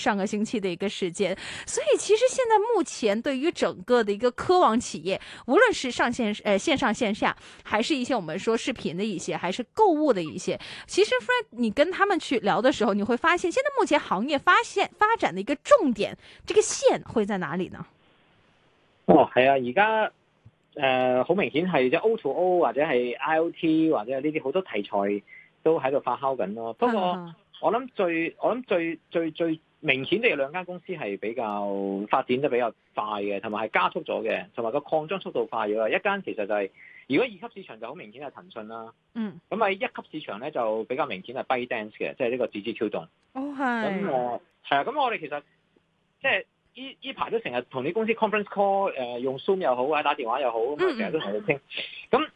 上個星期的一個時間，所以其實現在目前對於整個的一個科網企業，無論是上線誒、呃、線上線下，還是一些我們說視頻的一些，還是購物的一些，其實 Fred，你跟他們去聊的時候，你會發現現在目前行業發現發展的一個重點，這個線會在哪裏呢？哦，係啊，而家誒好明顯係即 O to O 或者係 I O T 或者呢啲好多題材都喺度發酵緊咯。不過 我諗最我諗最最最，最，最，最明顯就係兩間公司係比較發展得比較快嘅，同埋係加速咗嘅，同埋個擴張速度快咗。一間其實就係、是、如果二級市場就好明顯係騰訊啦，嗯，咁喺一級市場咧就比較明顯係 ByteDance 嘅，即係呢個字節跳動。哦，係。咁誒係啊，咁是我哋其實即係依依排都成日同啲公司 conference call，誒、呃、用 Zoom 又好，或者打電話又好，咁成日都同佢傾。咁、嗯嗯、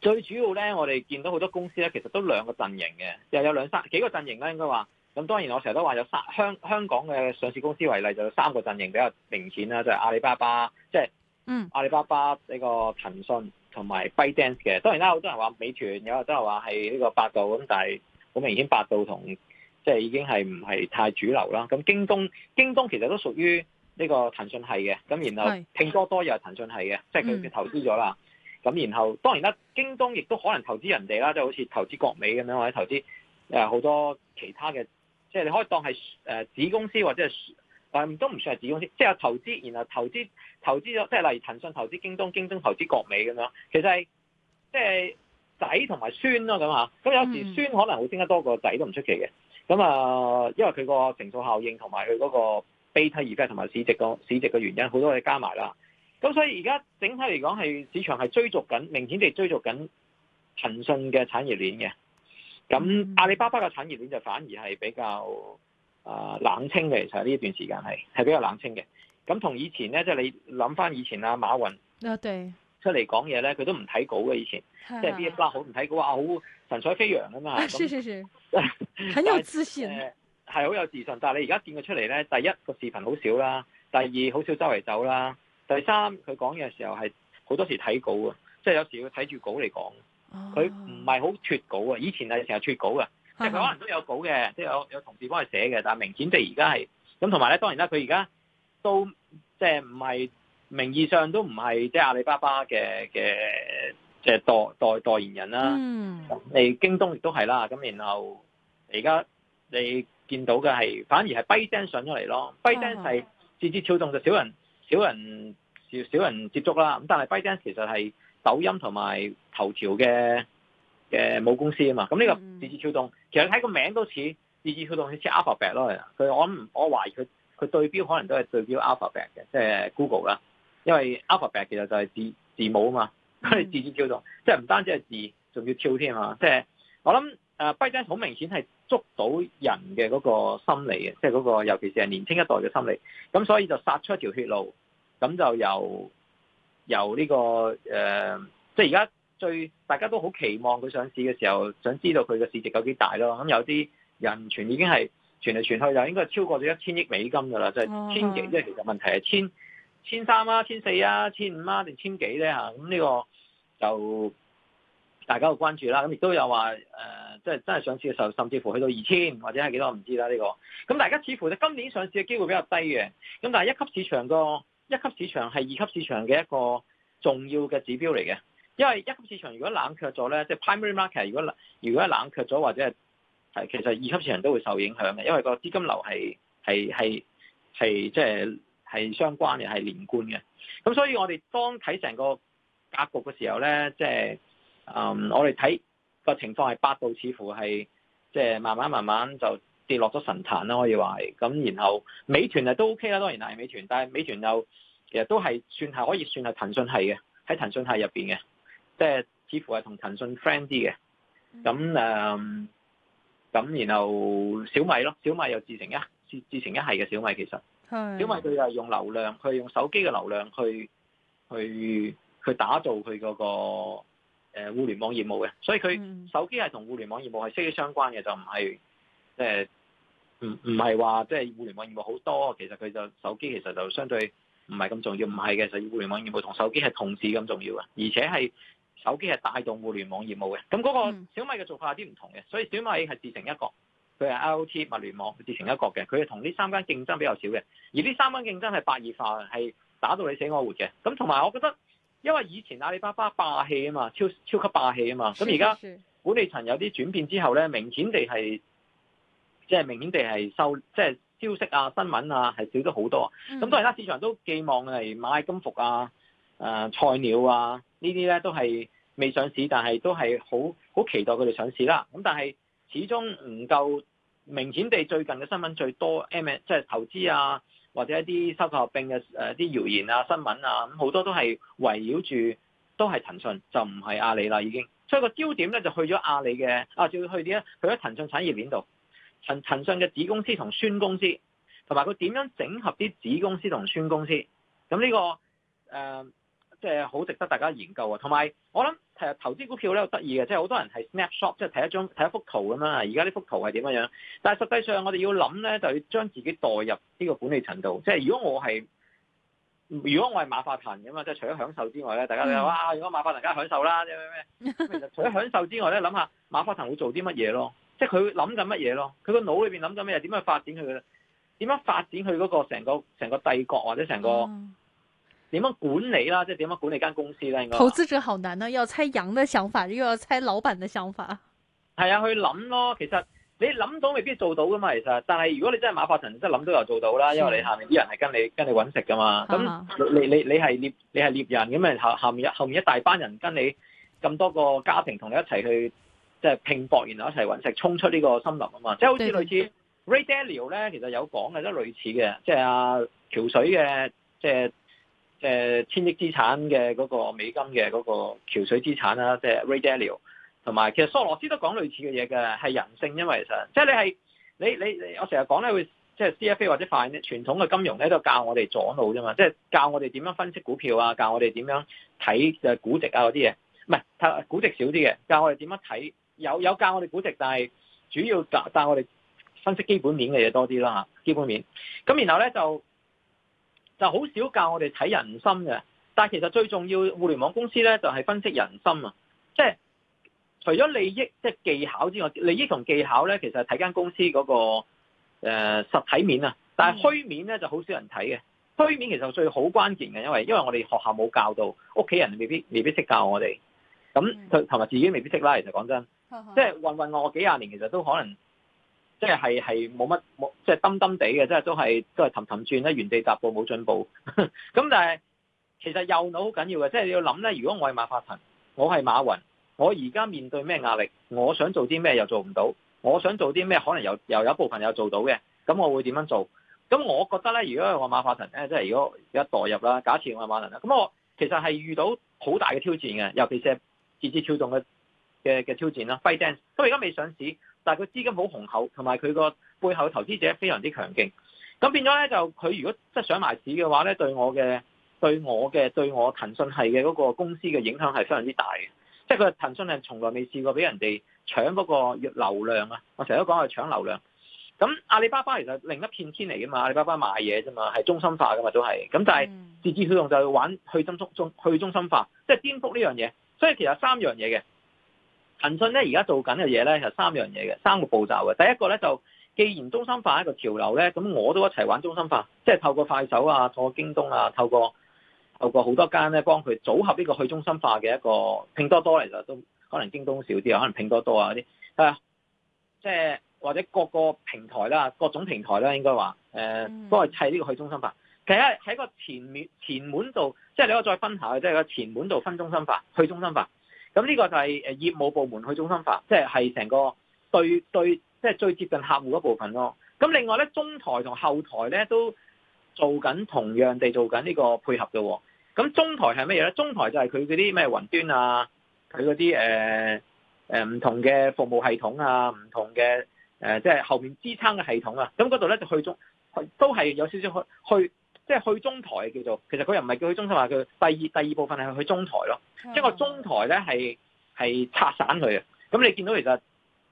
最主要咧，我哋見到好多公司咧，其實都兩個陣營嘅，又有兩三幾個陣營啦，應該話。咁當然我成日都話有三香香港嘅上市公司為例，就有三個陣營比較明顯啦，就係阿里巴巴，即係，嗯，阿里巴巴呢個騰訊同埋 ByteDance 嘅。當然啦，好多人話美團，有人都話係呢個百度咁，但係好明顯百度同即係已經係唔係太主流啦。咁京東，京東其實都屬於呢個騰訊係嘅。咁然後拼多多又係騰訊係嘅，是即係佢佢投資咗啦。咁、嗯、然後當然啦，京東亦都可能投資人哋啦，即係好似投資國美咁樣，或者投資誒好多其他嘅。即係你可以當係誒子公司或者係誒都唔算係子公司，即係投資，然後投資投資咗，即係例如騰訊投資京東，京東投資國美咁樣，其實係即係仔同埋孫咯咁啊。咁有時孫可能會升得多過仔都唔出奇嘅。咁啊，因為佢個乘數效應同埋佢嗰個 beta 而家同埋市值個市值嘅原因好多嘢加埋啦。咁所以而家整體嚟講係市場係追逐緊，明顯地追逐緊騰訊嘅產業鏈嘅。咁、嗯、阿里巴巴嘅產業鏈就反而係比較啊、呃、冷清嘅，其實呢一段時間係係比較冷清嘅。咁同以前咧，即、就、係、是、你諗翻以前啊馬雲啊，出嚟講嘢咧，佢都唔睇稿嘅。以前，以前、嗯、即係 b u r 好唔睇稿啊，好神采飛揚啊嘛，係係係，很有自信，係好 是有，呃、有自信。但係你而家見佢出嚟咧，第一個視頻好少啦，第二好少周圍走啦，第三佢講嘢嘅時候係好多時睇稿啊，即係有時要睇住稿嚟講。佢唔係好脫稿啊！以前係成日脫稿噶，即係佢可能都有稿嘅，即係有有同事幫佢寫嘅，但係明顯地而家係咁，同埋咧當然啦，佢而家都即係唔係名義上都唔係即係阿里巴巴嘅嘅即係代代代言人啦。嗯，嚟京東亦都係啦，咁然後而家你見到嘅係反而係 ByteDance 上咗嚟咯，ByteDance 係字節跳動就少人少人少少人，人接觸啦，咁但係 ByteDance 其實係。抖音同埋頭條嘅嘅母公司啊嘛，咁、嗯、呢個字字跳動，其實睇個名都似字字跳動，好似 AlphaBet 咯，佢我我懷疑佢佢對標可能都係對標 AlphaBet 嘅，即係 Google 啦，因為 AlphaBet 其實就係字字母啊嘛，佢、嗯、字字跳動，即係唔單止係字，仲要跳添啊！即係我諗，誒 ByteDance 好明顯係捉到人嘅嗰個心理嘅，即係嗰、嗰個尤其是係年輕一代嘅心理，咁所以就殺出一條血路，咁就由。由呢、這個誒、呃，即係而家最大家都好期望佢上市嘅時候，想知道佢嘅市值有幾大咯？咁、嗯、有啲人傳已經係傳嚟傳去就應該超過咗一千億美金㗎啦，即、就、係、是、千幾，即係其實問題係千千三啊、千四啊、千五啊定千幾咧嚇？咁、嗯、呢、這個就大家嘅關注啦。咁、嗯、亦都有話誒，即、呃、係、就是、真係上市嘅時候，甚至乎去到二千或者係幾多我唔知啦呢、這個。咁、嗯、大家似乎就今年上市嘅機會比較低嘅，咁、嗯、但係一級市場個。一級市場係二級市場嘅一個重要嘅指標嚟嘅，因為一級市場如果冷卻咗咧，即係 primary market 如果冷如果冷卻咗或者係其實二級市場都會受影響嘅，因為個資金流係係係係即係係相關嘅係連貫嘅，咁所以我哋當睇成個格局嘅時候咧，就是，即係嗯我哋睇個情況係百度似乎係即係慢慢慢慢就。跌落咗神壇啦，可以話，咁然後美團啊都 OK 啦，當然係美團，但係美團又其實都係算係可以算係騰訊系嘅，喺騰訊系入邊嘅，即係似乎係同騰訊 friend 啲嘅，咁誒、嗯，咁、嗯、然後小米咯，小米又自成一自，自成一系嘅小米其實，是小米佢又用流量，佢用手機嘅流量去去去打造佢嗰個誒互聯網業務嘅，所以佢手機係同互聯網業務係息息相關嘅，就唔係。即係唔唔係話即係互聯網業務好多，其實佢就手機其實就相對唔係咁重要，唔係嘅，所以互聯網業務同手機係同時咁重要嘅，而且係手機係帶動互聯網業務嘅。咁嗰個小米嘅做法有啲唔同嘅，所以小米係自成一角，佢係 IoT 物聯網自成一角嘅，佢係同呢三間競爭比較少嘅，而呢三間競爭係白熱化，係打到你死我活嘅。咁同埋，我覺得因為以前阿里巴巴霸氣啊嘛，超超級霸氣啊嘛，咁而家管理層有啲轉變之後呢，明顯地係。即係明顯地係收，即係消息啊、新聞啊，係少咗好多。咁當然啦，市場都寄望係螞蟻金服啊、誒菜鳥啊呢啲咧，都係未上市，但係都係好好期待佢哋上市啦。咁但係始終唔夠明顯地，最近嘅新聞最多，即係投資啊或者一啲收購合併嘅誒啲謠言啊、新聞啊，咁好多都係圍繞住都係騰訊，就唔係阿里啦已經。所以個焦點咧就去咗阿里嘅，啊，仲去啲咧，去咗騰訊產業鏈度。陳陳信嘅子公司同孫公司，同埋佢點樣整合啲子公司同孫公司？咁呢個誒，即係好值得大家研究啊！同埋我諗其實，投資股票咧好得意嘅，即係好多人係 snapshot，即係睇一張睇一幅圖咁樣啊！而家呢幅圖係點樣樣？但係實際上我哋要諗咧，就要將自己代入呢個管理層度。即係如果我係如果我係馬化騰㗎嘛，即係除咗享受之外咧，大家都有啊。如果馬化騰梗係享受啦，即係咩咩咩？其實 除咗享受之外咧，諗下馬化騰會做啲乜嘢咯？即係佢諗緊乜嘢咯？佢個腦裏邊諗緊咩嘢？點樣發展佢嘅咧？點樣發展佢嗰個成個成個帝國或者成個點樣管理啦？即係點樣管理間公司咧？應該投資者好難啊，要猜羊嘅想法，又要猜老闆嘅想法。係啊，去諗咯。其實你諗到未必做到噶嘛。其實，但係如果你真係馬化騰，真係諗到又做到啦，因為你下面啲人係跟,是跟你跟你搵食噶嘛。咁你你你係獵你係獵人咁啊？後後面後面一大班人跟你咁多個家庭同你一齊去。即係拼搏，然後一齊揾食，衝出呢個森林啊嘛！即係好似類似 Ray Dalio 咧，其實有講嘅都類似嘅，即係啊橋水嘅，即係即係千億資產嘅嗰個美金嘅嗰個橋水資產啦，即係 Ray Dalio。同埋其實索羅斯都講類似嘅嘢嘅，係人性，因為其實即係你係你你你，我成日講咧，會即係 CFA 或者傳統嘅金融喺度教我哋左腦啫嘛，即係教我哋點樣分析股票啊，教我哋點樣睇嘅估值啊嗰啲嘢，唔係睇估值少啲嘅，教我哋點樣睇。有有教我哋估值，但係主要教但係我哋分析基本面嘅嘢多啲啦，嚇基本面。咁然後咧就就好少教我哋睇人心嘅。但係其實最重要，互聯網公司咧就係分析人心啊！即係除咗利益即係技巧之外，利益同技巧咧其實係睇間公司嗰個誒實體面啊。但係虛面咧就好少人睇嘅。虛面其實最好關鍵嘅，因為因為我哋學校冇教到，屋企人未必未必識教我哋。咁同埋自己未必識啦。其實講真。 嗯嗯嗯、即係混混噩我幾廿年，其實都可能即係係係冇乜冇即係噉噉地嘅，即係都係都係氹氹轉咧，原地踏步冇進步。咁但係其實右腦好緊要嘅，即係你要諗咧。如果我係馬化騰，我係馬雲，我而家面對咩壓力？我想做啲咩又做唔到？我想做啲咩可能又又有部分又做到嘅？咁我會點樣做？咁我覺得咧，如果我馬化騰咧，即係如果而家代入啦，假設我馬雲啦，咁我其實係遇到好大嘅挑戰嘅，尤其是係字節跳動嘅。嘅嘅挑戰啦 ByteDance 咁而家未上市，但係佢資金好雄厚，同埋佢個背後投資者非常之強勁，咁變咗咧就佢如果即係上埋市嘅話咧，對我嘅對我嘅對我，對我騰訊系嘅嗰個公司嘅影響係非常之大嘅，即係佢騰訊係從來未試過俾人哋搶嗰個月流量啊！我成日都講係搶流量，咁阿里巴巴其實另一片天嚟嘅嘛，阿里巴巴賣嘢啫嘛，係中心化嘅嘛都係，咁但係字節跳動就要玩去中中中去中心化，即係顛覆呢樣嘢，所以其實三樣嘢嘅。騰訊咧而家做緊嘅嘢咧，就三樣嘢嘅，三個步驟嘅。第一個咧就，既然中心化係一個潮流咧，咁我都一齊玩中心化，即係透過快手啊，透過京東啊，透過透過好多間咧幫佢組合呢個去中心化嘅一個拼多多嚟，就都可能京東少啲啊，可能拼多多啊啲，誒，即係或者各個平台啦，各種平台啦，應該話誒，都係砌呢個去中心化。其實一喺個前面前門度，即係你我再分下，即係個前門度分中心化、去中心化。咁呢個就係誒業務部門去中心化，即係係成個對對，即係最接近客戶嗰部分咯。咁另外咧，中台同後台咧都做緊同樣地做緊呢個配合嘅。咁中台係乜嘢咧？中台就係佢嗰啲咩雲端啊，佢嗰啲誒誒唔同嘅服務系統啊，唔同嘅誒即係後面支撐嘅系統啊。咁嗰度咧就去中，去都係有少少去去。即係去中台叫做，其實佢又唔係叫去中心化，叫第二第二部分係去中台咯。一個中台咧係係拆散佢嘅，咁你見到其實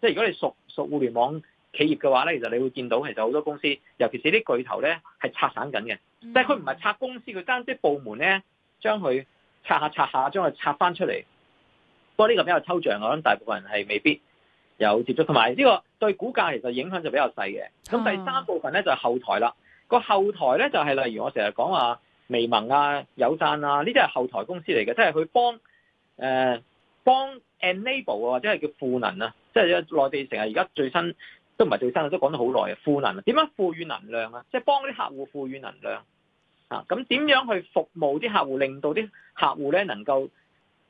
即係如果你熟熟互聯網企業嘅話咧，其實你會見到其實好多公司，尤其是啲巨頭咧係拆散緊嘅。即係佢唔係拆公司，佢間啲部門咧將佢拆下拆下，將佢拆翻出嚟。不過呢個比較抽象，我諗大部分人係未必有接觸，同埋呢個對股價其實影響就比較細嘅。咁第三部分咧就係後台啦。個後台咧就係、是、例如我成日講話微盟啊、有讚啊，呢啲係後台公司嚟嘅，即係佢幫誒、呃、幫 enable、啊、或者係叫賦能啊，即係內地成日而家最新都唔係最新，都講咗好耐啊，賦能點樣賦予能量啊，即、就、係、是、幫啲客戶賦予能量啊，咁點樣去服務啲客戶，令到啲客戶咧能夠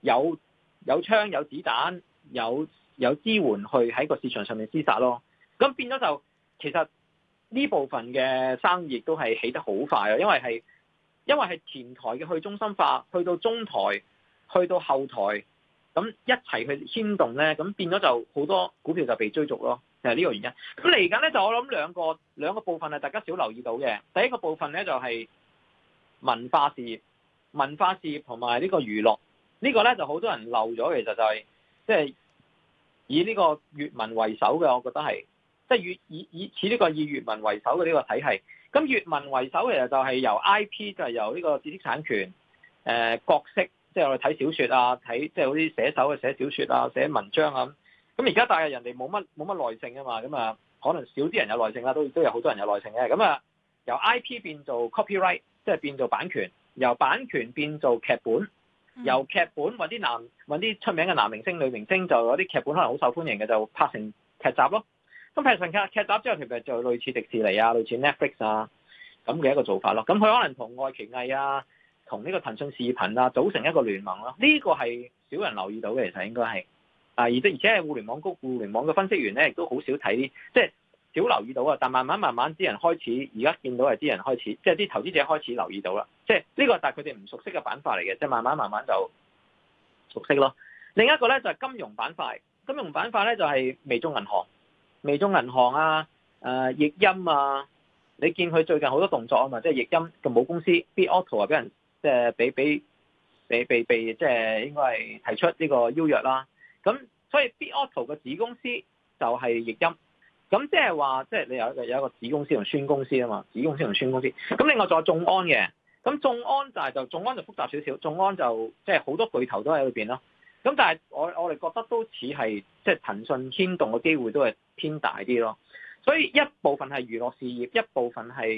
有有槍有子彈有有支援去喺個市場上面廝殺咯，咁變咗就其實。呢部分嘅生意都係起得好快啊，因為係因為係前台嘅去中心化，去到中台，去到後台，咁一齊去牽動咧，咁變咗就好多股票就被追逐咯，就係呢個原因。咁嚟緊咧，就我諗兩個兩個部分係大家少留意到嘅，第一個部分咧就係文化事業，文化事業同埋呢個娛樂，呢個咧就好多人漏咗，其實就係即係以呢個粵文為首嘅，我覺得係。即係以以以此呢，這個以粵文為首嘅呢個體系，咁粵文為首，其實就係由 I P 就係由呢個知識產權，誒，呃、角色，即係我哋睇小説啊，睇即係嗰啲寫手啊寫小説啊寫文章啊咁。咁而家但係人哋冇乜冇乜耐性啊嘛，咁啊可能少啲人有耐性啦，都都有好多人有耐性嘅。咁啊由 I P 變做 copyright，即係變做版權，由版權變做劇本，由劇本揾啲男揾啲出名嘅男明星女明星，就有啲劇本可能好受歡迎嘅，就拍成劇集咯。咁譬如神劇劇集之後，其實就類似迪士尼啊、類似 Netflix 啊咁嘅一個做法咯。咁佢可能同愛奇藝啊、同呢個騰訊視頻啊組成一個聯盟咯。呢個係少人留意到嘅，其實應該係啊，而且而且係互聯網局，互聯網嘅分析員咧，亦都好少睇，即係少留意到啊。但慢慢慢慢，啲人開始而家見到係啲人開始，即係啲投資者開始留意到啦。即係呢個係佢哋唔熟悉嘅板塊嚟嘅，即係慢慢慢慢就熟悉咯。另一個咧就係金融板塊，金融板塊咧就係微眾銀行。微眾銀行啊，誒、啊、易鑫啊，你見佢最近好多動作啊嘛，即係易鑫，個母公司 Bitauto 啊，俾人即係俾俾俾俾俾即係應該係提出呢個邀約啦。咁所以 Bitauto 個子公司就係易鑫，咁即係話即係你有有一個子公司同孫公司啊嘛，子公司同孫公司。咁另外仲有眾安嘅，咁眾安就係就眾安就複雜少少，眾安就即係好多巨頭都喺裏邊咯。咁但係我我哋覺得都似係即係騰訊牽動嘅機會都係偏大啲咯，所以一部分係娛樂事業，一部分係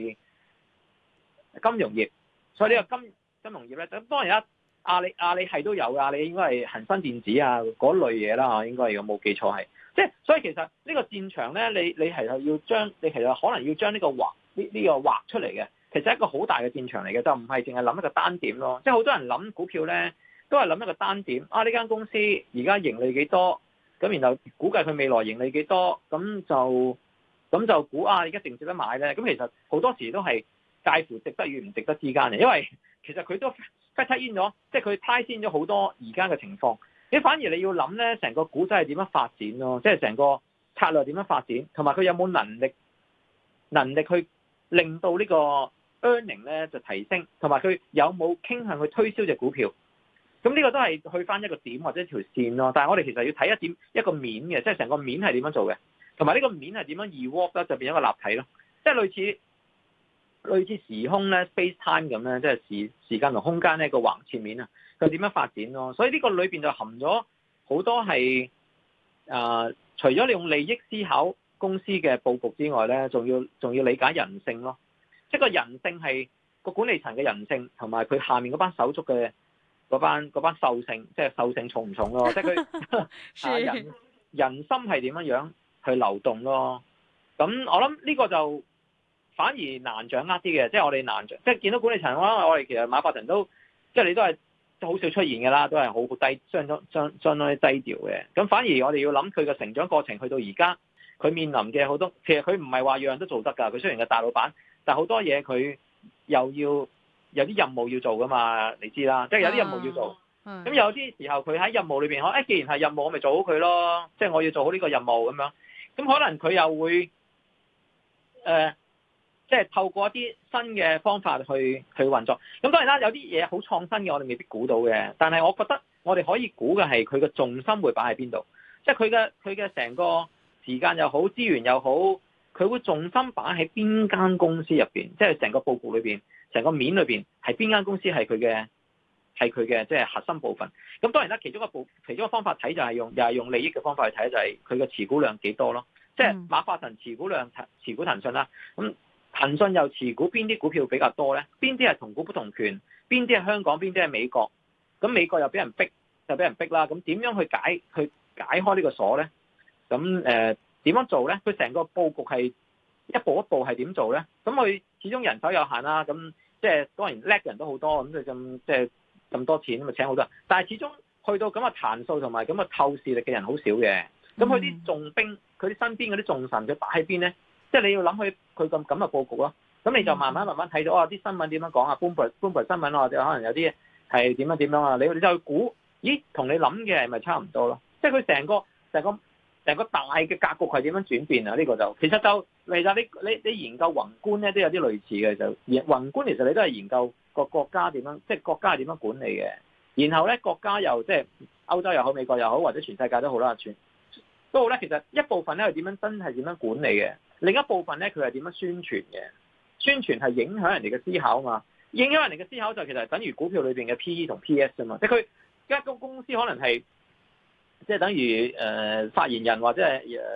金融業，所以呢個金金融業咧，咁當然啦，阿里阿里係都有，阿你應該係恒生電子啊嗰類嘢啦嚇，應該如果冇記錯係，即係所以其實呢個戰場咧，你你係要將你其實可能要將呢個畫呢呢個畫出嚟嘅，其實係一個好大嘅戰場嚟嘅，就唔係淨係諗一個單點咯，即係好多人諗股票咧。都係諗一個單點啊！呢間公司而家盈利幾多咁，然後估計佢未來盈利幾多咁就咁就估啊，而家值唔值得買咧？咁其實好多時都係介乎值得與唔值得之間嘅，因為其實佢都 fetch 咗，即係佢 price in 咗好多而家嘅情況。你反而你要諗呢成個股仔係點樣發展咯？即係成個策略點樣發展，同埋佢有冇能力能力去令到呢個 earning 咧就提升，同埋佢有冇傾向去推銷隻股票。咁呢個都係去返一個點或者條線咯，但係我哋其實要睇一點一個面嘅，即係成個面係點樣做嘅，同埋呢個面係點樣 reward 咧，就變一個立體咯，即係類似類似時空咧，space time 咁咧，即係時時間同空間呢個橫切面啊，佢點樣發展咯？所以呢個裏邊就含咗好多係啊、呃，除咗你用利益思考公司嘅佈局之外咧，仲要仲要理解人性咯，即係個人性係個管理層嘅人性同埋佢下面嗰班手足嘅。嗰班嗰班獸性，即係獸性重唔重咯、啊？即係佢 是人人心係點樣樣去流動咯、啊？咁我諗呢個就反而難掌握啲嘅，即係我哋難掌即係見到管理層啦、啊。我哋其實馬化騰都即係你都係好少出現嘅啦，都係好低相相相當之低調嘅。咁反而我哋要諗佢嘅成長過程，去到而家佢面臨嘅好多，其實佢唔係話樣樣都做得㗎。佢雖然係大老闆，但係好多嘢佢又要。有啲任務要做噶嘛？你知啦，即係有啲任務要做。咁、啊嗯、有啲時候，佢喺任務裏邊，可、哎、誒，既然係任務，我咪做好佢咯。即係我要做好呢個任務咁樣。咁、嗯、可能佢又會誒、呃，即係透過一啲新嘅方法去去運作。咁、嗯、當然啦，有啲嘢好創新嘅，我哋未必估到嘅。但係我覺得我哋可以估嘅係佢嘅重心會擺喺邊度，即係佢嘅佢嘅成個時間又好，資源又好，佢會重心擺喺邊間公司入邊，即係成個佈局裏邊。成個面裏邊係邊間公司係佢嘅係佢嘅，即係核心部分。咁當然啦，其中一個部，其中一個方法睇就係用，又係用利益嘅方法去睇，就係佢嘅持股量幾多咯。即係馬化騰持股量騰持股騰訊啦。咁騰訊又持股邊啲股票比較多咧？邊啲係同股不同權？邊啲係香港？邊啲係美國？咁美國又俾人逼，又俾人逼啦。咁點樣去解去解開呢個鎖咧？咁誒點樣做咧？佢成個佈局係一步一步係點做咧？咁佢始終人手有限啦。咁即係當然叻人都好多，咁就咁即係咁多錢咪請好多人，但係始終去到咁嘅彈數同埋咁嘅透視力嘅人好少嘅。咁佢啲重兵，佢啲身邊嗰啲重臣就擺喺邊咧？即係你要諗佢佢咁咁嘅佈局咯。咁你就慢慢慢慢睇到，哦啲新聞點樣講啊？搬布搬布新聞或者可能有啲係點樣點樣啊？你你就估，咦同你諗嘅係咪差唔多咯？即係佢成個就係成個大嘅格局係點樣轉變啊？呢個就其實就其實就你你你研究宏觀咧，都有啲類似嘅就。宏觀其實你都係研究個國家點樣，即係國家係點樣管理嘅。然後咧國家又即係歐洲又好、美國又好，或者全世界都好啦，全都好咧。其實一部分咧係點樣真係點樣管理嘅，另一部分咧佢係點樣宣傳嘅。宣傳係影響人哋嘅思考啊嘛，影響人哋嘅思考就是、其實等於股票裏邊嘅 PE 同 PS 啊嘛，即係佢一家個公司可能係。即係等於誒、呃、發言人或者係誒、呃、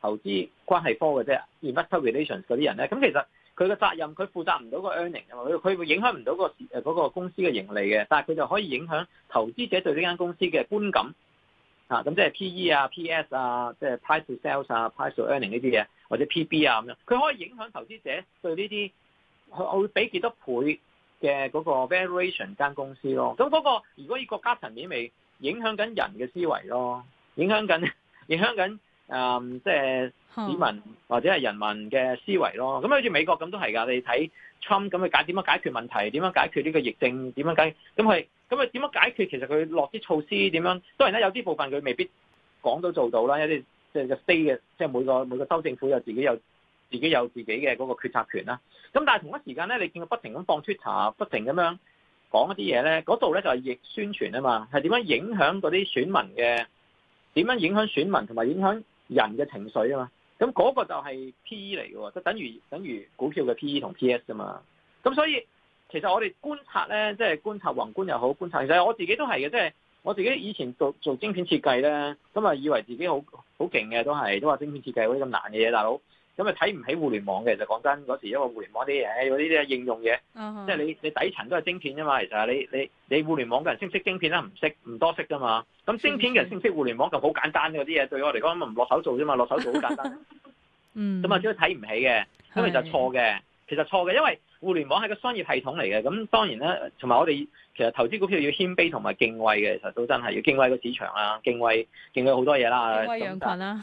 投資關係科嘅啫、就是、investor relations 嗰啲人咧，咁、嗯、其實佢嘅責任佢負責唔到個 earning 啊，佢佢會影響唔到、嗰個誒嗰、嗰個公司嘅盈利嘅，但係佢就可以影響投資者對呢間公司嘅觀感嚇，咁即係 P/E 啊、P/S 啊、即、就、係、是、price to sales 啊、嗯、price to earning 呢啲嘢，或者 P/B 啊咁樣，佢可以影響投資者對呢啲佢會俾幾多倍嘅嗰個 valuation 間公司咯。咁嗰、嗯嗰個如果以國家層面嚟，影響緊人嘅思維咯，影響緊影響緊誒，即、嗯、係、就是、市民或者係人民嘅思維咯。咁好似美國咁都係㗎，你睇 Trump 咁去解點樣解決問題，點樣解決呢個疫症，點樣解咁佢咁佢點樣解決？解決其實佢落啲措施點樣？當然咧，有啲部分佢未必講到做到啦。有啲即係個 stay 嘅，即、就、係、是就是、每個每個州政府有自己有自己有自己嘅嗰個決策權啦。咁但係同一時間咧，你見佢不停咁放 Twitter，不停咁樣。講一啲嘢咧，嗰度咧就係逆宣傳啊嘛，係點樣影響嗰啲選民嘅，點樣影響選民同埋影響人嘅情緒啊嘛？咁嗰個就係 P E 嚟嘅，即等於等於股票嘅 P E 同 P S 啫嘛。咁所以其實我哋觀察咧，即係觀察宏觀又好，觀察其實我自己都係嘅，即係我自己以前做做晶片設計咧，咁啊以為自己好好勁嘅都係，都話晶片設計嗰啲咁難嘅嘢，大佬。咁咪睇唔起互聯網嘅，其實講真嗰時，因為互聯網啲嘢，嗰啲啲應用嘢，即係你你底層都係晶片啫嘛。其實你你你互聯網嘅人識唔識晶片咧？唔識唔多識啫嘛。咁晶片嘅人識唔識互聯網就好簡單嗰啲嘢，對我嚟講咪唔落手做啫嘛，落手做好簡單。咁啊，只要睇唔起嘅，咁其實錯嘅，其實錯嘅，因為互聯網係個商業系統嚟嘅。咁當然啦，同埋我哋其實投資股票要謙卑同埋敬畏嘅，其實都真係要敬畏個市場啊，敬畏敬畏好多嘢啦。敬畏羊羣啦、啊。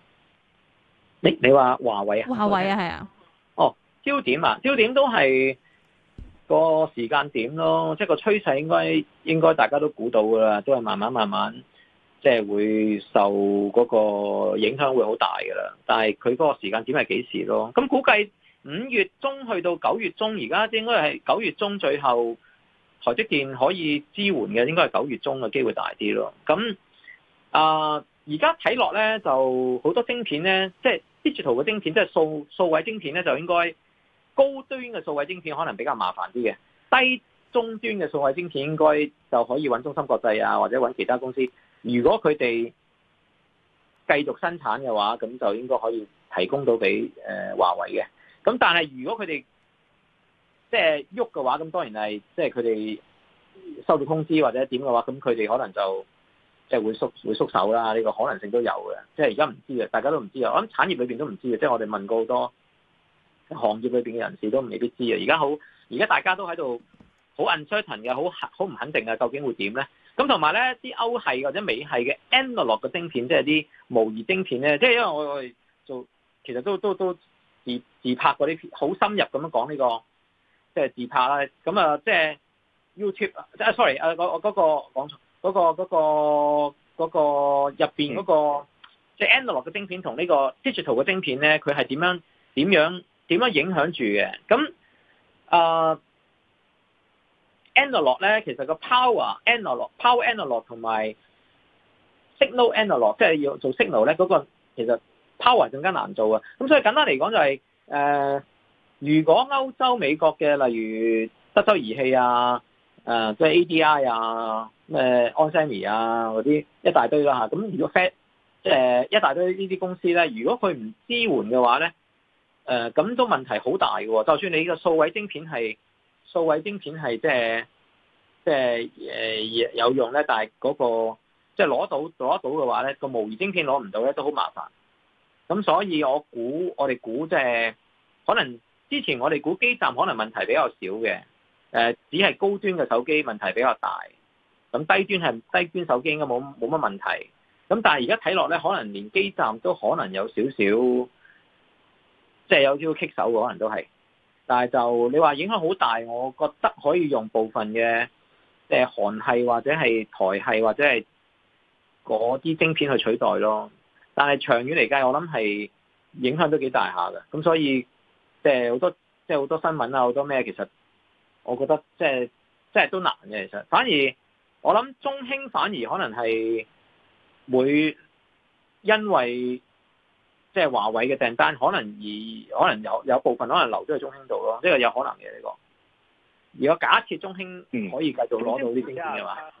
你你話華為？華為啊，係啊。哦，焦點啊，焦點都係個時間點咯，即係個趨勢應該應該大家都估到噶啦，都係慢慢慢慢，即係會受嗰個影響會好大噶啦。但係佢嗰個時間點係幾時咯？咁估計五月中去到九月中，而家應該係九月中最後台積電可以支援嘅，應該係九月中嘅機會大啲咯。咁啊，而家睇落咧就好多晶片咧，即係。digital 嘅晶片即係數數位晶片咧，就應該高端嘅數位晶片可能比較麻煩啲嘅，低中端嘅數位晶片應該就可以揾中芯國際啊，或者揾其他公司。如果佢哋繼續生產嘅話，咁就應該可以提供到俾誒華為嘅。咁但係如果佢哋即係喐嘅話，咁當然係即係佢哋收到通知或者點嘅話，咁佢哋可能就。即係會縮會縮手啦，呢個可能性都有嘅。即係而家唔知啊，大家都唔知啊。我諗產業裏邊都唔知啊。即係我哋問過好多行業裏邊嘅人士都未必知啊。而家好，而家大家都喺度好 uncertain 嘅，好好唔肯定啊。究竟會點咧？咁同埋咧，啲歐系或者美系嘅 analog 嘅晶片，即係啲模擬晶片咧，即係因為我我哋做，其實都都都自自拍過啲片，好深入咁樣講呢個即係自拍啦。咁啊，即係 YouTube 即係 sorry 啊，我我嗰個講，那個嗰個嗰個入邊嗰個，即係 analog 嘅晶片同呢個 digital 嘅晶片咧，佢係點樣點樣點樣影響住嘅？咁啊、呃、analog 咧，其實個 power analog power analog 同埋 signal analog 即係要做 signal 咧，嗰個其實 power 更加難做啊！咁所以簡單嚟講就係誒、呃，如果歐洲美國嘅，例如德州儀器啊。誒、呃，即係 ADI 啊，咩 OnSemi 啊，嗰啲一大堆啦吓。咁如果 f 即係、呃、一大堆呢啲公司咧，如果佢唔支援嘅話咧，誒、呃，咁都問題好大嘅、哦。就算你個數位晶片係數位晶片係即係即係誒有用咧，但係嗰、那個即係攞到攞得到嘅話咧，個模擬晶片攞唔到咧都好麻煩。咁所以我估我哋估即係可能之前我哋估基站可能問題比較少嘅。誒只係高端嘅手機問題比較大，咁低端係低端手機應該冇冇乜問題。咁但係而家睇落咧，可能連基站都可能有少少，即係有少少棘手嘅，可能都係。但係就你話影響好大，我覺得可以用部分嘅誒韓系或者係台系或者係嗰啲晶片去取代咯。但係長遠嚟計，我諗係影響都幾大下嘅。咁所以即係好多即係好多新聞啊，好多咩其實。我覺得即係即係都難嘅，其實反而我諗中興反而可能係會因為即係華為嘅訂單可能而可能有有部分可能留咗喺中興度咯，呢個有可能嘅呢個。你講，如果假設中興可以繼續攞到啲啲錢嘅話，嗯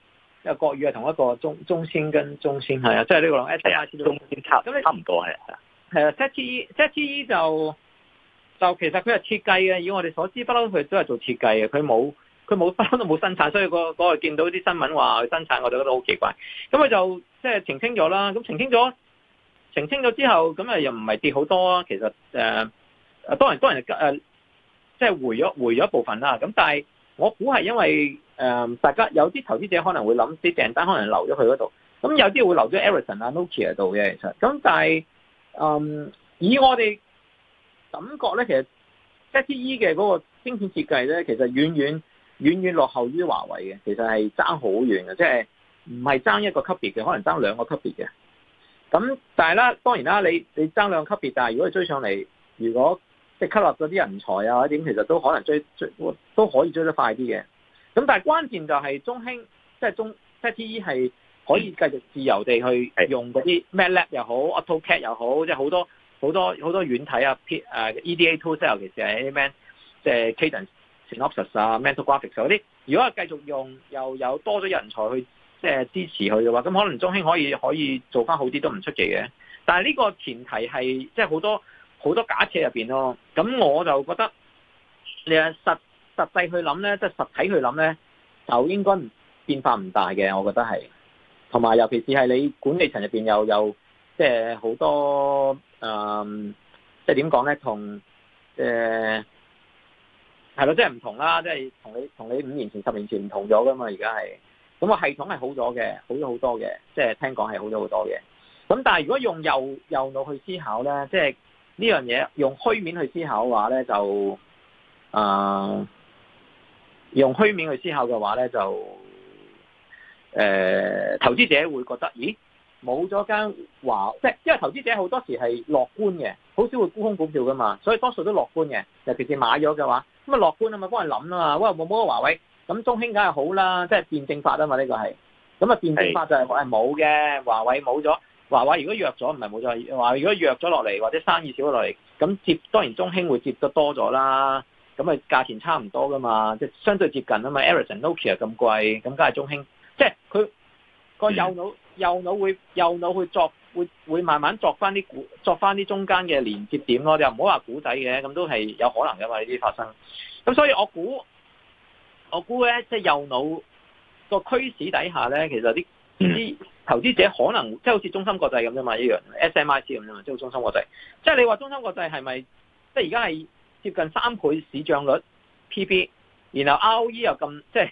又國語係同一個中中先跟中先係啊，即係呢個。係啊，中先差咁你差唔多係啊。係啊，sette sette 就就其實佢係設計嘅，以我哋所知，不嬲佢都係做設計嘅，佢冇佢冇不嬲都冇生產，所以嗰、那、日、個那個見到啲新聞話佢生產，我就覺得好奇怪。咁佢就即係、就是、澄清咗啦，咁澄清咗澄清咗之後，咁啊又唔係跌好多啊。其實誒、呃，當然當然誒，即、呃、係、就是、回咗回咗一部分啦。咁但係。我估係因為誒、呃，大家有啲投資者可能會諗啲訂單可能留咗佢嗰度，咁有啲會留咗 Ericsson 啊、Nokia 度嘅，其實咁但係誒、呃，以我哋感覺咧，其實 ZTE 嘅嗰個芯片設計咧，其實遠遠遠遠落後於華為嘅，其實係爭好遠嘅，即係唔係爭一個級別嘅，可能爭兩個級別嘅。咁但係啦，當然啦，你你爭兩個級別，但係如果你追上嚟，如果即係吸納嗰啲人才啊，或者其實都可能追追都可以追得快啲嘅。咁但係關鍵就係中興，即係中即係 ZTE 係可以繼續自由地去用嗰啲 MATLAB 又好，AutoCAD 又好，即係好多好多好多軟體啊，P、uh, EDA toolset，尤其是係啲咩，即係 Cadence、Synopsys 啊、Mental Graphics 嗰啲。如果係繼續用，又有多咗人才去即係支持佢嘅話，咁可能中興可以可以做翻好啲都唔出奇嘅。但係呢個前提係即係好多。好多假設入邊咯，咁我就覺得你實實際去諗呢，即係實體去諗呢，就應該變化唔大嘅。我覺得係同埋尤其是係你管理層入邊又有，即係好多誒、呃，即係點講呢？同誒係咯，即係唔同啦，即係同你同你五年前十年前唔同咗噶嘛。而家係咁個系統係好咗嘅，好咗好多嘅，即係聽講係好咗好多嘅。咁但係如果用右右腦去思考呢，即係。呢樣嘢用虛面去思考嘅話咧，就啊用虛面去思考嘅話咧，就誒、啊、投資者會覺得，咦冇咗間華，即係因為投資者好多時係樂觀嘅，好少會沽空股票噶嘛，所以多數都樂觀嘅，尤其是買咗嘅話，咁啊樂觀啊嘛，幫人諗啊嘛，喂，冇冇個華為，咁中興梗係好啦，即係辯證法啊嘛，呢、這個係咁啊辯證法就係我係冇嘅，華為冇咗。話話如果約咗唔係冇錯，話如果約咗落嚟或者生意少咗落嚟，咁接當然中興會接得多咗啦。咁啊價錢差唔多噶嘛，即係相對接近啊嘛。Ericsson、Nokia 咁貴，咁梗係中興。即係佢個右腦，右腦會右腦會作，會會慢慢作翻啲古，作翻啲中間嘅連接點咯。又唔好話古仔嘅，咁都係有可能噶嘛？呢啲發生。咁所以我估，我估咧，即係右腦個驅使底下咧，其實啲。投資者可能即係好似中芯國際咁啫嘛，一樣 SMIC 咁樣，即係中芯國際。即係你話中芯國際係咪即係而家係接近三倍市漲率 P B，然後 ROE 又咁即係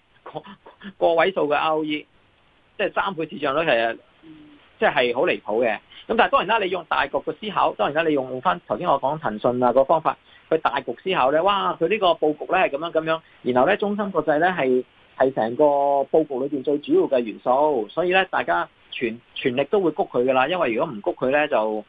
個位數嘅 ROE，即係三倍市漲率係即係係好離譜嘅。咁但係當然啦，你用大局嘅思考，當然啦，你用翻頭先我講騰訊啊個方法去大局思考咧，哇！佢呢個佈局咧係咁樣咁樣，然後咧中芯國際咧係。係成個佈局裏邊最主要嘅元素，所以咧大家全全力都會谷佢噶啦，因為如果唔谷佢咧就，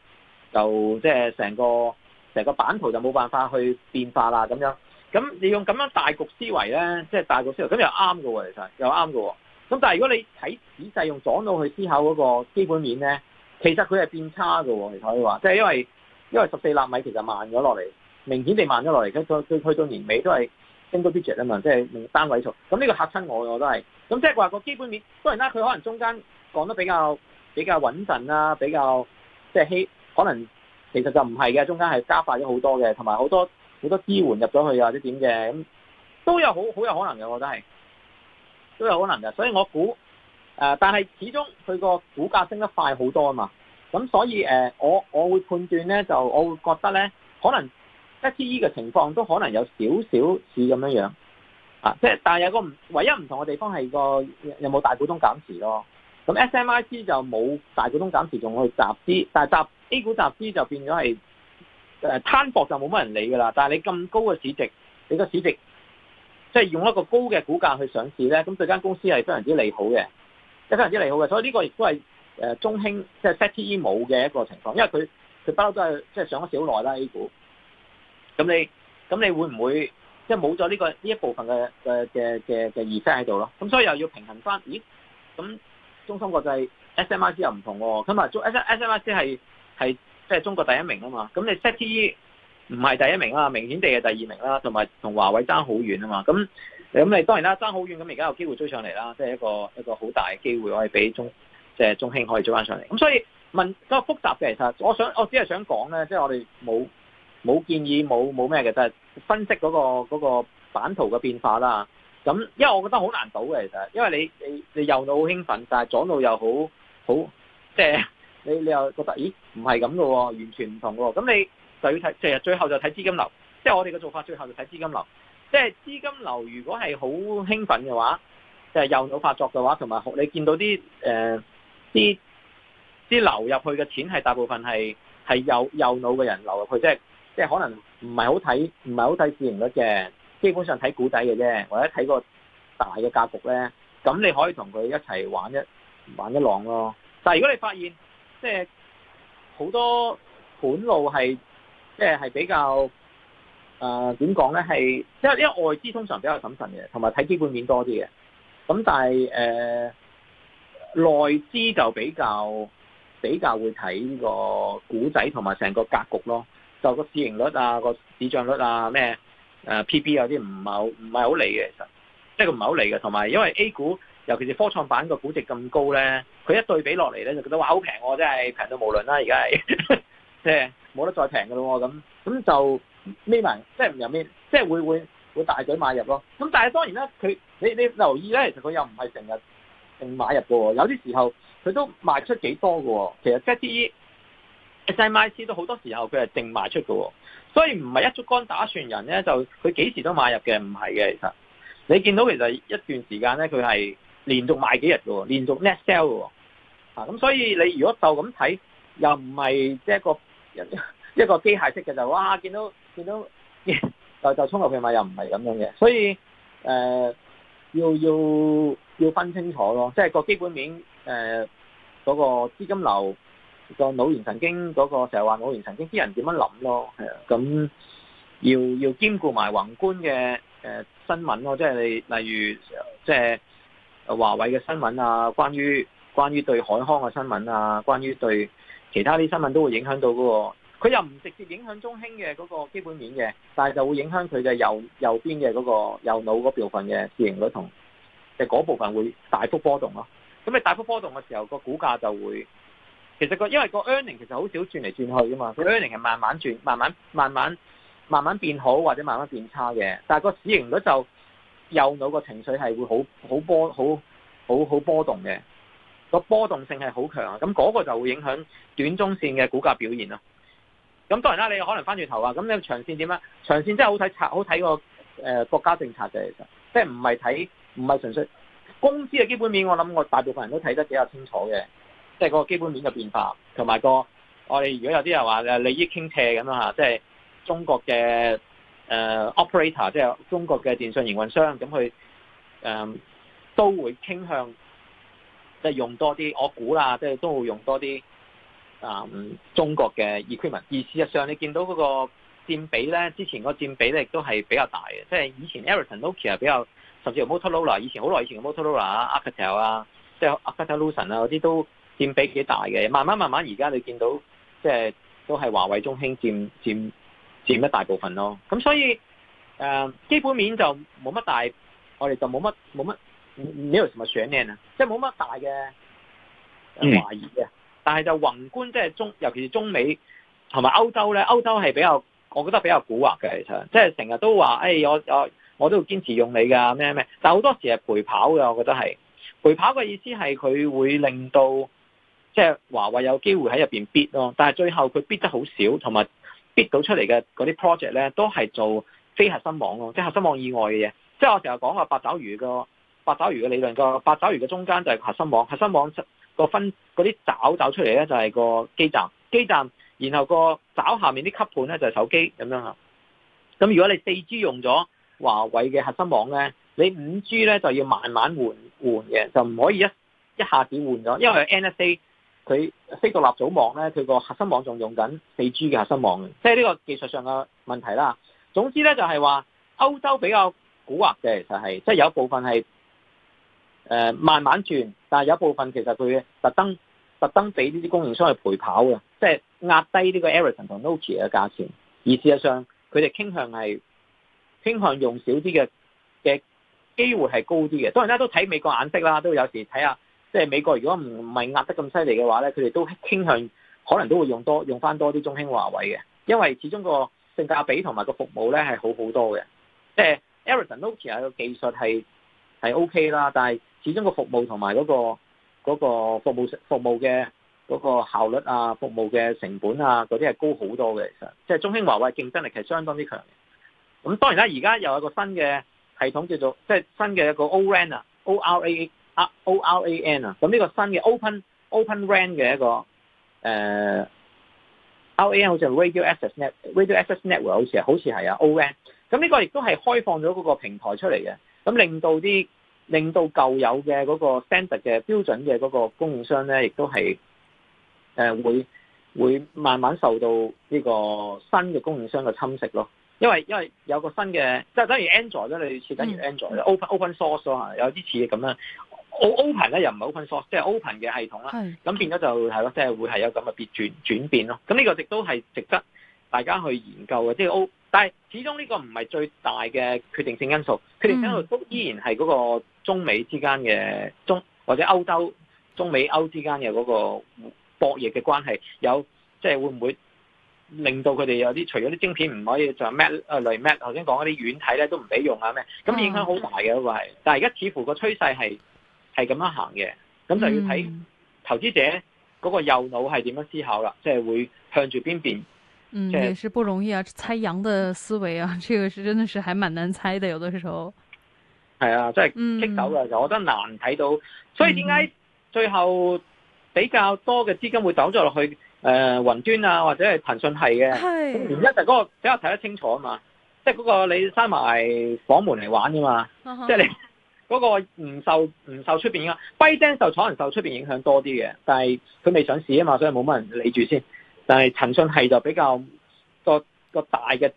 就就即係成個成個版圖就冇辦法去變化啦咁樣。咁你用咁樣大局思維咧，即係大局思維，咁又啱嘅喎，其實又啱嘅喎。咁但係如果你睇仔細用咗腦去思考嗰個基本面咧，其實佢係變差嘅喎，你可以話，即係因為因為十四納米其實慢咗落嚟，明顯地慢咗落嚟，跟住去去到年尾都係。升個 budget 啊嘛，即係用單位數。咁呢個嚇親我㗎，我都係。咁即係話個基本面當然啦，佢可能中間講得比較比較穩陣啦，啊，比較即係希可能其實就唔係嘅，中間係加快咗好多嘅，同埋好多好多支援入咗去或者點嘅，咁都有好好有可能嘅，我覺得係都有可能嘅。所以我估誒、呃，但係始終佢個股價升得快好多啊嘛。咁所以誒、呃，我我會判斷咧，就我會覺得咧，可能。ZTE 嘅情況都可能有少少似咁樣樣啊，即係但係有個唔唯一唔同嘅地方係個有冇大股東減持咯。咁 SMIC 就冇大股東減持，仲去集資，但係集 A 股集資就變咗係誒攤薄就冇乜人理㗎啦。但係你咁高嘅市值，你個市值即係、就是、用一個高嘅股價去上市咧，咁對間公司係非常之利好嘅，係非常之利好嘅。所以呢個亦都係誒中興即係 ZTE 冇嘅一個情況，因為佢佢不嬲都係即係上咗少耐啦 A 股。咁你咁你會唔會即係冇咗呢個呢一部分嘅嘅嘅嘅意識喺度咯？咁所以又要平衡翻，咦？咁中芯國際 SMIC 又唔同喎，咁啊 SMIC 係係即係中國第一名啊嘛。咁你 ZTE 唔係第一名啊，明顯地係第二名啦，同埋同華為爭好遠啊嘛。咁咁你當然啦，爭好遠，咁而家有機會追上嚟啦，即、就、係、是、一個一個好大嘅機會可以，我係俾中即係中興可以追翻上嚟。咁所以問、那個複雜嘅其實我，我想、就是、我只係想講咧，即係我哋冇。冇建議，冇冇咩嘅，即係分析嗰個嗰個版圖嘅變化啦。咁，因為我覺得好難倒嘅，其實，因為你你你右腦好興奮，但係左腦又好好，即係你你又覺得，咦，唔係咁嘅喎，完全唔同喎。咁你就要睇，即係最後就睇資金流。即係我哋嘅做法，最後就睇資金流。即係資金流如果係好興奮嘅話，就係右腦發作嘅話，同埋你見到啲誒啲啲流入去嘅錢係大部分係係右右腦嘅人流入去，即係。即係可能唔係好睇，唔係好睇市盈率嘅，基本上睇股仔嘅啫，或者睇個大嘅格局咧。咁你可以同佢一齊玩一玩一浪咯。但係如果你發現即係好多盤路係即係係比較啊點講咧，係因為因為外資通常比較審慎嘅，同埋睇基本面多啲嘅。咁但係誒、呃、內資就比較比較會睇呢個股仔同埋成個格局咯。就個市盈率啊，個市漲率啊，咩誒、呃、PP 有啲唔好，唔係好理嘅，其實即係佢唔係好理嘅。同埋因為 A 股，尤其是科創板個估值咁高咧，佢一對比落嚟咧，就覺得話好平喎，真係平到無論啦、啊，而家係即係冇得再平嘅咯喎，咁咁就匿埋，即係唔入面，即係會會會大舉買入咯。咁但係當然啦，佢你你留意咧，其實佢又唔係成日淨買入嘅，有啲時候佢都賣出幾多嘅。其實即係啲。SMIC 都好多時候佢係淨賣出嘅、哦，所以唔係一竹篙打船人咧，就佢幾時都買入嘅，唔係嘅。其實你見到其實一段時間咧，佢係連續賣幾日嘅，連續 net sell 噶、哦、啊、咁所以你如果就咁睇，又唔係即係一個一個機械式嘅就哇見到見到就就衝落去買，又唔係咁樣嘅，所以誒、呃、要要要分清楚咯，即係個基本面誒嗰、呃、那個資金流。個腦源神經嗰個時候話腦源神經啲人點樣諗咯，係啊，咁要要兼顧埋宏觀嘅誒、呃、新聞咯，即係你例如即係華為嘅新聞啊，關於關於對海康嘅新聞啊，關於對其他啲新聞都會影響到嗰、那個，佢又唔直接影響中興嘅嗰個基本面嘅，但係就會影響佢嘅右右邊嘅嗰個右腦嗰部分嘅市盈率同，就嗰、是、部分會大幅波動咯，咁你大幅波動嘅時候，個股價就會。其實個因為個 earning 其實好少轉嚟轉去㗎嘛，佢 earning 係慢慢轉，慢慢慢慢慢慢變好或者慢慢變差嘅。但係個市盈率就右腦個情緒係會好好波好好好波動嘅，個波動性係好強啊。咁嗰個就會影響短中線嘅股價表現咯。咁當然啦，你可能翻轉頭話。咁你長線點啊？長線真係好睇拆，好睇個誒、呃、國家政策嘅，其實即係唔係睇唔係純粹公司嘅基本面。我諗我大部分人都睇得比較清楚嘅。即係個基本面嘅變化，同埋個我哋如果有啲人話誒利益傾斜咁啦嚇，即係中國嘅誒 operator，即係中國嘅電信營運商咁，佢誒都會傾向即係用多啲，我估啦，即係都會用多啲誒、嗯、中國嘅 equipment。而事實上你見到嗰個佔比咧，之前個佔比咧亦都係比較大嘅，即係以前 Ericsson Nokia 其實比較，甚至乎 Motorola 以前好耐以前嘅 Motorola 啊、Alcatel 啊，即係 Alcatel-Lucent 啊嗰啲都。佔比幾大嘅，慢慢慢慢而家你見到，即係都係華為、中興佔佔佔、佔一大部分咯。咁所以誒、呃，基本面就冇乜大，我哋就冇乜冇乜，唔唔知道是咪 short 呢？即係冇乜大嘅懷疑嘅。疑嗯、但係就宏觀，即係中，尤其是中美同埋歐洲咧，歐洲係比較，我覺得比較古惑嘅，其實即係成日都話，誒、哎、我我我都堅持用你㗎咩咩，但係好多時係陪跑嘅，我覺得係陪跑嘅意思係佢會令到。即係華為有機會喺入邊 bid 咯，但係最後佢 bid 得好少，同埋 bid 到出嚟嘅嗰啲 project 咧，都係做非核心網咯，即係核心網以外嘅嘢。即係我成日講個八爪魚，個八爪魚嘅理論，個八爪魚嘅中間就係核心網，核心網分爪爪爪爪爪個分嗰啲爪走出嚟咧就係個基站，基站，然後個爪下面啲吸盤咧就係手機咁樣嚇。咁如果你四 G 用咗華為嘅核心網咧，你五 G 咧就要慢慢換換嘅，就唔可以一一下子換咗，因為 NSA。佢非獨立組網咧，佢個核心網仲用緊 4G 嘅核心網嘅，即係呢個技術上嘅問題啦。總之咧，就係話歐洲比較古惑嘅其實就係，即係有部分係誒、呃、慢慢轉，但係有部分其實佢特登特登俾呢啲供應商去陪跑嘅，即係壓低呢個 Ericsson 同 Nokia 嘅價錢。而事實上，佢哋傾向係傾向用少啲嘅嘅機會係高啲嘅。當然啦，都睇美國眼色啦，都有時睇下。即係美國，如果唔係壓得咁犀利嘅話咧，佢哋都傾向可能都會用多用翻多啲中興華為嘅，因為始終個性價比同埋個服務咧係好好多嘅。即係 Ericsson 都其實個技術係係 OK 啦，但係始終個服務同埋嗰個嗰個服務服務嘅嗰個效率啊，服務嘅成本啊嗰啲係高好多嘅。其實即係中興華為競爭力係相當之強嘅。咁當然啦，而家又有一個新嘅系統叫做即係新嘅一個 O-RAN 啊，O-R-A。O R A N 啊，咁呢個新嘅 Open Open RAN 嘅一個誒、呃、R A N 好似 Radio Access Net、Radio Access Network 好似啊，好似係啊 O、R A、N。咁呢個亦都係開放咗嗰個平台出嚟嘅，咁令到啲令到舊有嘅嗰個 standard 嘅標準嘅嗰個供應商咧，亦都係誒、呃、會會慢慢受到呢個新嘅供應商嘅侵蝕咯。因為因為有個新嘅，即係等於 Android 啦，類似等於 Android、嗯、Open Open Source 啊，有啲似咁樣。Open 咧又唔係 open source，即係 open 嘅系統啦。咁是變咗就係咯，即係會係有咁嘅變轉轉變咯。咁呢個亦都係值得大家去研究嘅。即係 O，但係始終呢個唔係最大嘅決定性因素。佢哋都依然係嗰個中美之間嘅中或者歐洲中美歐之間嘅嗰個博弈嘅關係。有即係、就是、會唔會令到佢哋有啲除咗啲晶片唔可以就 mat 啊雷 mat 頭先講嗰啲軟體咧都唔俾用啊咩？咁影響好大嘅嗰、個係。但係而家似乎個趨勢係。係咁樣行嘅，咁就要睇投資者嗰個右腦係點樣思考啦，嗯、即係會向住邊邊。嗯，也是不容易啊，猜羊嘅思維啊，這個是真的是還蠻難猜的，有的時候。係、嗯嗯、啊，即係棘手就我覺得難睇到。所以點解最後比較多嘅資金會走咗落去誒、嗯呃、雲端啊，或者係騰訊係嘅？係唉。原因就嗰、嗰個比較睇得清楚啊嘛，即係嗰個你閂埋房門嚟玩噶嘛，即係你。嗰個唔受唔受出邊影響，拜登就可能受出邊影響多啲嘅，但係佢未上市啊嘛，所以冇乜人理住先。但係騰訊係就比較個個大嘅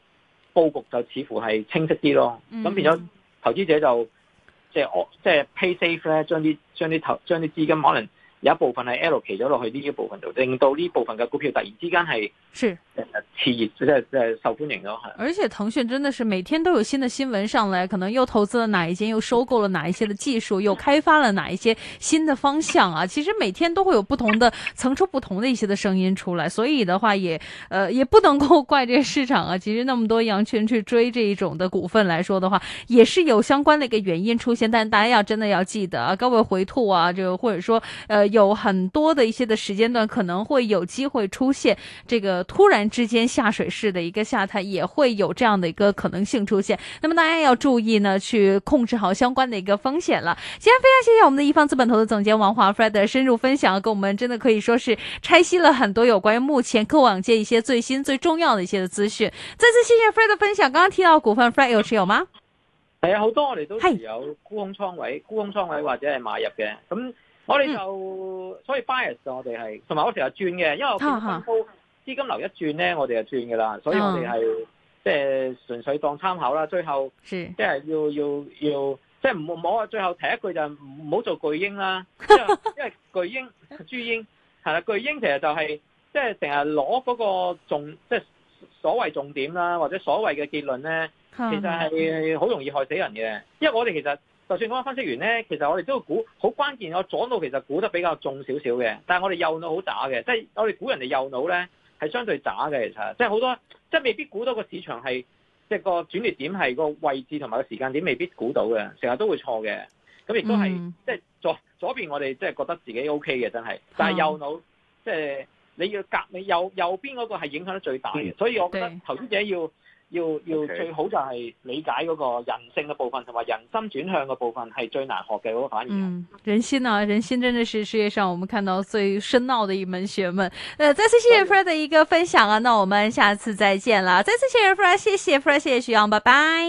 佈局就似乎係清晰啲咯，咁變咗投資者就即係我即係 pay safe 咧，將啲將啲投將啲資金可能。有一部分係 L 企咗落去呢一部分就令到呢部分嘅股票突然之間係，是熾熱即係即係受歡迎咯，係。而且騰訊真的是每天都有新的新聞上來，可能又投資了哪一間，又收購了哪一些嘅技術，又開發了哪一些新的方向啊！其實每天都會有不同的層出不同的一些嘅聲音出來，所以的話也，呃，也不能夠怪呢個市場啊。其實那麼多羊群去追這一種的股份來說的話，也是有相關嘅一個原因出現。但大家要真的要記得啊，高位回吐啊，就或者說，呃。呃呃有很多的一些的時間段可能會有機會出現，這個突然之間下水式的一個下探，也會有這樣的一個可能性出現。那麼大家要注意呢，去控制好相關的一個風險了。今天非常謝謝我們的易方資本投資總監王華 Fred 的深入分享，跟我們真的可以說是拆析了很多有關於目前各網界一些最新最重要的一些的資訊。再次謝謝 Fred 的分享。剛剛提到股份 Fred 有持有嗎？係啊，好多我哋都持有沽空倉位，沽 Hey. 空倉位或者係買入嘅咁。 我哋就所以 bias，我哋係，同埋我成日轉嘅，因為資金流資金流一轉咧，我哋就轉噶啦，所以我哋係即係純粹當參考啦。最後即係要要要，即係唔好啊！最後提一句就唔好做巨嬰啦，即係因為巨嬰 朱鷹係啦，巨嬰其實就係即係成日攞嗰個重，即係所謂重點啦，或者所謂嘅結論咧，其實係好容易害死人嘅。因為我哋其實。就算我分析完咧，其實我哋都估好關鍵我左腦，其實估得比較重少少嘅。但係我哋右腦好渣嘅，即係我哋估人哋右腦咧係相對渣嘅。其實即係好多即係未必估到個市場係即係個轉捩點係個位置同埋個時間點，未必估到嘅，成日都會錯嘅。咁亦都係即係左左邊，我哋即係覺得自己 OK 嘅，真係。但係右腦即係，嗯，你要夾你右右邊嗰個係影響得最大嘅，嗯、所以我覺得投資者要。要要最好就係理解嗰個人性嘅部分，同埋人心轉向嘅部分係最難學嘅咯，反而、嗯。人心啊，人心真的是世界上我們看到最深奧嘅一門學問。誒、呃，再次謝謝 Fred 嘅一個分享啊， 那我們下次再見啦。再次謝 f r e 謝謝 Fred，謝謝徐陽，拜拜。